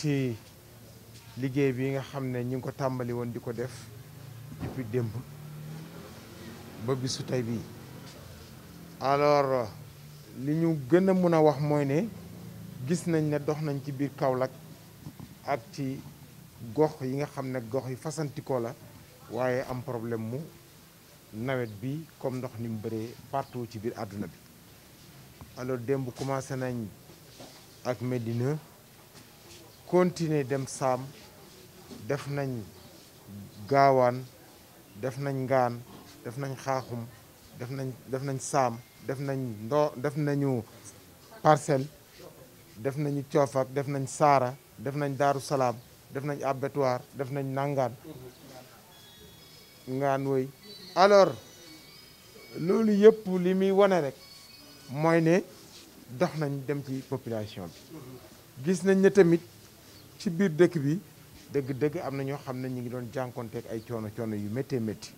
ci liggéey bi nga xam ne ñu ngi ko tàmbali woon di ko def depuis démb ba bisu tey bii alors li ñu gën a mën a wax mooy ne gis nañ ne dox nañ ci biir Kaolack ak ci gox yi nga xam ne gox yi fasantikoo la waaye am problème mu nawet bi comme ndox ni mu bëree partout ci biir àdduna bi alors démb commencé nañ ak Médina continuer dem Saam def nañ gaawaan def nañ ngaan def nañ xaaxum def nañ def nañ saam def nañ ndoo def nañu parcelle def nañu coofak def nañ saara def nañ daaru salaam def nañ abattoir def nañ nangaan ngaan woy alors loolu yëpp li muy wane rek mooy ne dox nañ dem ci population bi gis nañ ne tamit ci biir dëkk bi dëgg-dëgg am na ñoo xam ne ñu ngi doon jànkonteeg ay coono coono yu méttee métti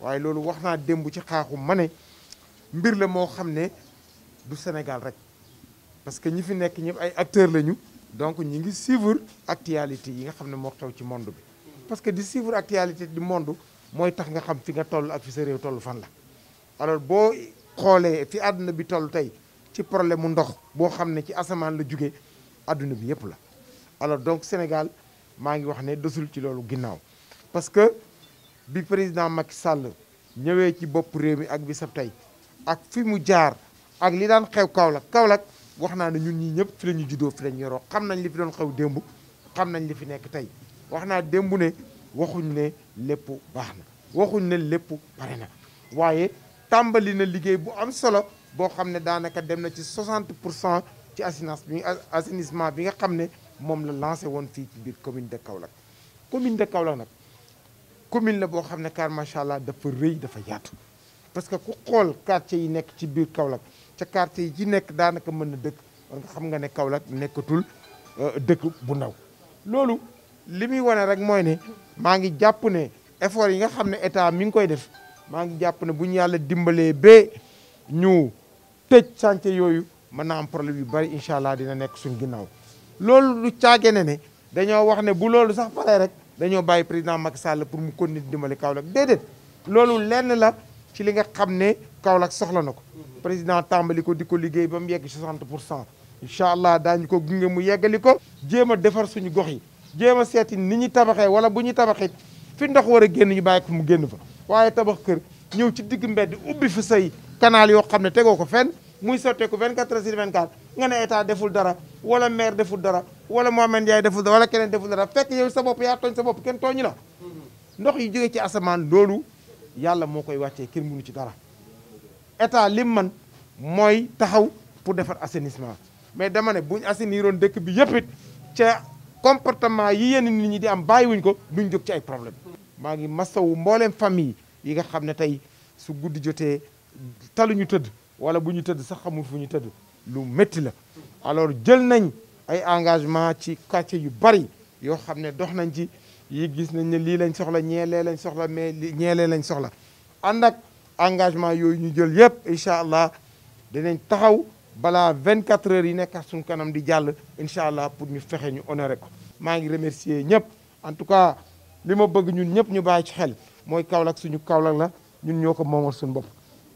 waaye loolu wax naa démb ci xaaxu ma ne mbir la moo xam ne du Sénégal rek parce que ñi fi nekk ñëpp ay acteurs lañu donc ñi ngi suivre actualité yi nga xam ne moo xew ci monde bi parce que di suivre actualité du monde mooy tax nga xam fi nga toll ak fi sa réew toll fan la alors boo xoolee fi àdduna bi toll tey ci problème mu ndox boo xam ne ci asamaan la juge àdduna bi yëpp la alors donc Sénégal maa ngi wax ne desul ci loolu ginnaaw parce que bi président Macky sàll ñëwee ci bopp réew mi ak bi sab tey ak fi mu jaar ak li daan xew Kaolack Kaolack wax naa ne ñun ñii ñëpp fi la ñu juddoo fi la ñu yoroo xam nañ li fi doon xew démb xam nañ li fi nekk tey wax naa démb ne waxuñ ne lépp baax na waxuñ ne lépp pare na waaye tàmbali na liggéey bu am solo boo xam ne daanaka dem na ci 60 pour cent ci assainissement bi assainissement bi nga xam ne moom la lancé woon fii ci biir commune de Kaolack commune de Kaolack nag commune la boo xam ne car macha allah dafa rëy dafa yaatu parce que ku xool quartier yi nekk ci biir Kaolack ca quartier yi ci nekk daanaka mën na dëkk nga xam nga ne Kaolack nekkatul euh, dëkk bu ndaw loolu li muy wane rek mooy ne maa ngi jàpp ne effort yi nga xam ne état mi ngi koy def maa ngi jàpp ne bu ñu yàlla dimbalee ba ñu tëj chantier yooyu mën naa am problème yu bari incha allah dina nekk suñ ginnaaw loolu du caage ne ne dañoo wax ne bu loolu sax paree rek dañoo bàyyi président Macky Sall pour mu continuer dimbali Kaolack déedéet loolu lenn la ci li nga xam ne Kaolack soxla na ko président tàmbali ko di ko liggéey ba mu yegg 60 pour cent incha allah daañu ko gunge mu yeggali ko jéem a defar suñu gox yi jéem a seeti ni ñuy tabaxee wala bu ñuy tabaxee fi ndox war a génn ñu bàyyi ko mu génn fa waaye tabax kër ñëw ci digg mbedd ubbi fa say kanaal yoo xam ne tegoo ko fenn muy sotteeku 24 heures sur 24 nga ne état deful dara wala maire deful dara wala Mohamed Ndiaye deful dara wala keneen deful dara fekk yow sa bopp yaa tooñ sa bopp kenn tooñu la ndox yi jógee ci asamaan loolu yàlla moo koy wàccee kenn mënu ci dara état lim man mooy taxaw pour defar assainissement mais dama ne buñ assainiroon dëkk bi yëpp ca comportement yi yenn nit ñi di am wuñ ko duñ jóg ci ay problème maa ngi masawu mbooleem famille yi nga xam ne tey su guddi jotee taluñu tëdd wala bu ñu tëdd sax xamul fu ñu tëdd lu métti la alors jël nañ ay engagement ci quartier yu bari yoo xam ne dox nañ ji yi gis nañ ne lii lañ soxla ñeelee lañ soxla mais ñeelee lañ soxla ànd ak engagement yooyu ñu jël yëpp incha allah dinañ taxaw balaa 24 heures yi nekk suñu kanam di jàll incha allah pour ñu fexe ñu honoré ko maa ngi remercier ñëpp en tout cas li ma bëgg ñun ñëpp ñu bàyyi ci xel mooy Kaolack suñu Kaolack la ñun ñoo ko moomal suñu bopp.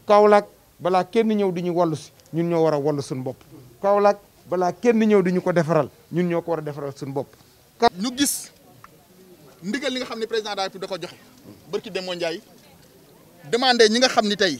Kaolack balaa kenn ñëw di ñu wallu si ñun ñoo war a wallu suñu bopp Kaolack balaa kenn ñëw di ko defaral ñun ñoo ko war a defaral suñu bopp. ñu gis ndigal li nga xam ne président daal la République da ko joxe barki Demba Ndiaye demandé ñi nga xam ni tey.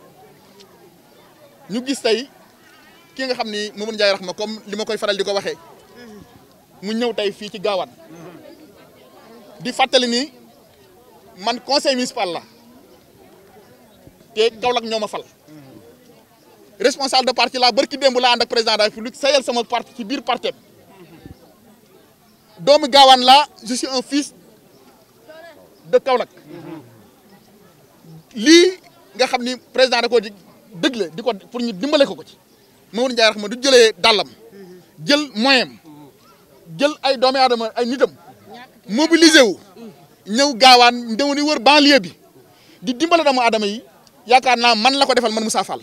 ñu gis tay ki nga xamni momu ndjay Rahma comme lima koy faral diko waxe mu ñew tay fi ci gaawaan di fatali ni man conseil municipal la té Kaolack ñoo ma fal responsable de parti la barki dembu la and ak président de la république sayal sama parti ci bir parti domi gawan la je suis un fils de kawlak li nga xamni président da ko la di ko pour ñu dimbale ko ko ci Mamadou Ndiaye ma du jële dàllam jël moyen jël ay doomi aadama ay nitam mobiliser wu ñëw gaawaan ndew ni wër banlieue bi di dimbale doomu aadama yi yaakaar naa man la ko defal man Moussa Fall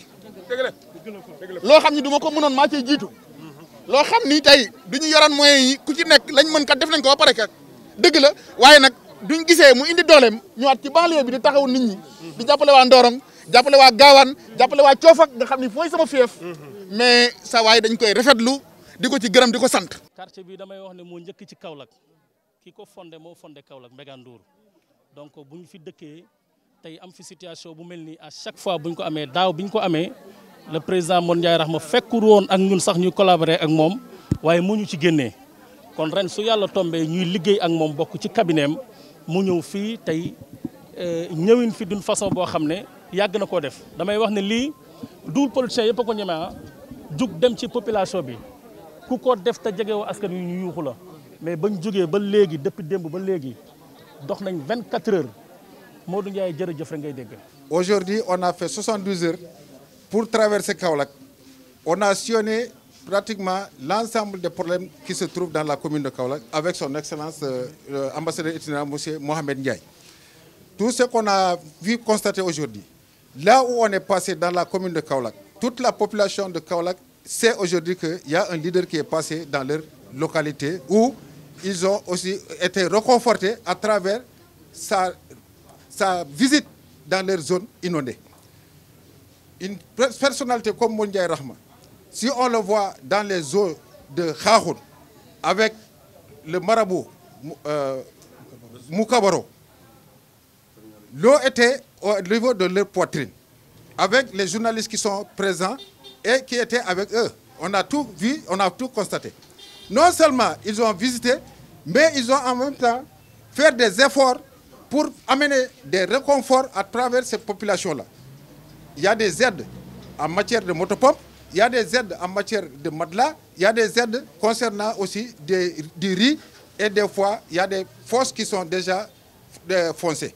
loo xam ni du ma ko mënoon ma cee jiitu loo xam ni tey du ñu yoroon moyens yi ku ci nekk lañ mën ka def nañ ko ba pare dëgg la waaye nag duñ gisee mu indi dooleem ñëwaat ci banlieue bi di taxaw nit ñi di jàppale waa Ndorong jàppale waa gaawaan jàppale waa coofak nga xam ni fooy sama fief mais sa waay dañ koy rafetlu di ko ci gërëm di ko sant quartier bii damay wax ne moo njëkk ci Kaolack ki ko fondé moo fondé Kaolack Mbégane Ndour donc bu ñu fi dëkkee tey am fi situation bu mel nii à chaque fois bu ñu ko amee daaw bi ñu ko amee le président Modou Ndiaye Rahma fekkul woon ak ñun sax ñuy collaborer ak moom waaye moo ñu ci génnee kon ren su yàlla tombee ñuy liggéey ak moom bokk ci cabinet mu ñëw fii tey euh, ñëwin fi d'une façon boo xam ne yàgg na koo def damay wax ne lii duul politiciens yëpp a ko ñeme ah jug dem ci population bi ku ko def te jegewoo askan wi ñu yuuxu la mais bañ jógee ba léegi depuis démb ba léegi dox nañ 24 heures Modou Ndiaye jërëjëf rek ngay dégg. Aujourd'hui on a fait 72 heures pour traverser Kaolack on a sionné pratiquement l'ensemble des problèmes qui se trouvent dans la commune de Kaolack avec son excellence euh, euh ambassadeur itinérant monsieur Mohamed Ndiaye. Tout ce qu'on a vu constater aujourd'hui Là où on est passé dans la commune de Kaolak, toute la population de Kaolak sait aujourd'hui qu'il y a un leader qui est passé dans leur localité où ils ont aussi été reconfortés à travers sa, visite dans leur zone inondée. Une personnalité comme Mondiaï Rahman, si on le voit dans les eaux de Khahoun avec le marabout euh, L'eau était au niveau de leur poitrine, avec les journalistes qui sont présents et qui étaient avec eux. On a tout vu, on a tout constaté. Non seulement ils ont visité, mais ils ont en même temps fait des efforts pour amener des réconforts à travers ces populations-là. Il y a des aides en matière de motopompe, il y a des aides en matière de matelas, il y a des aides concernant aussi des, du riz et des fois, il y a des fosses qui sont déjà euh, foncées.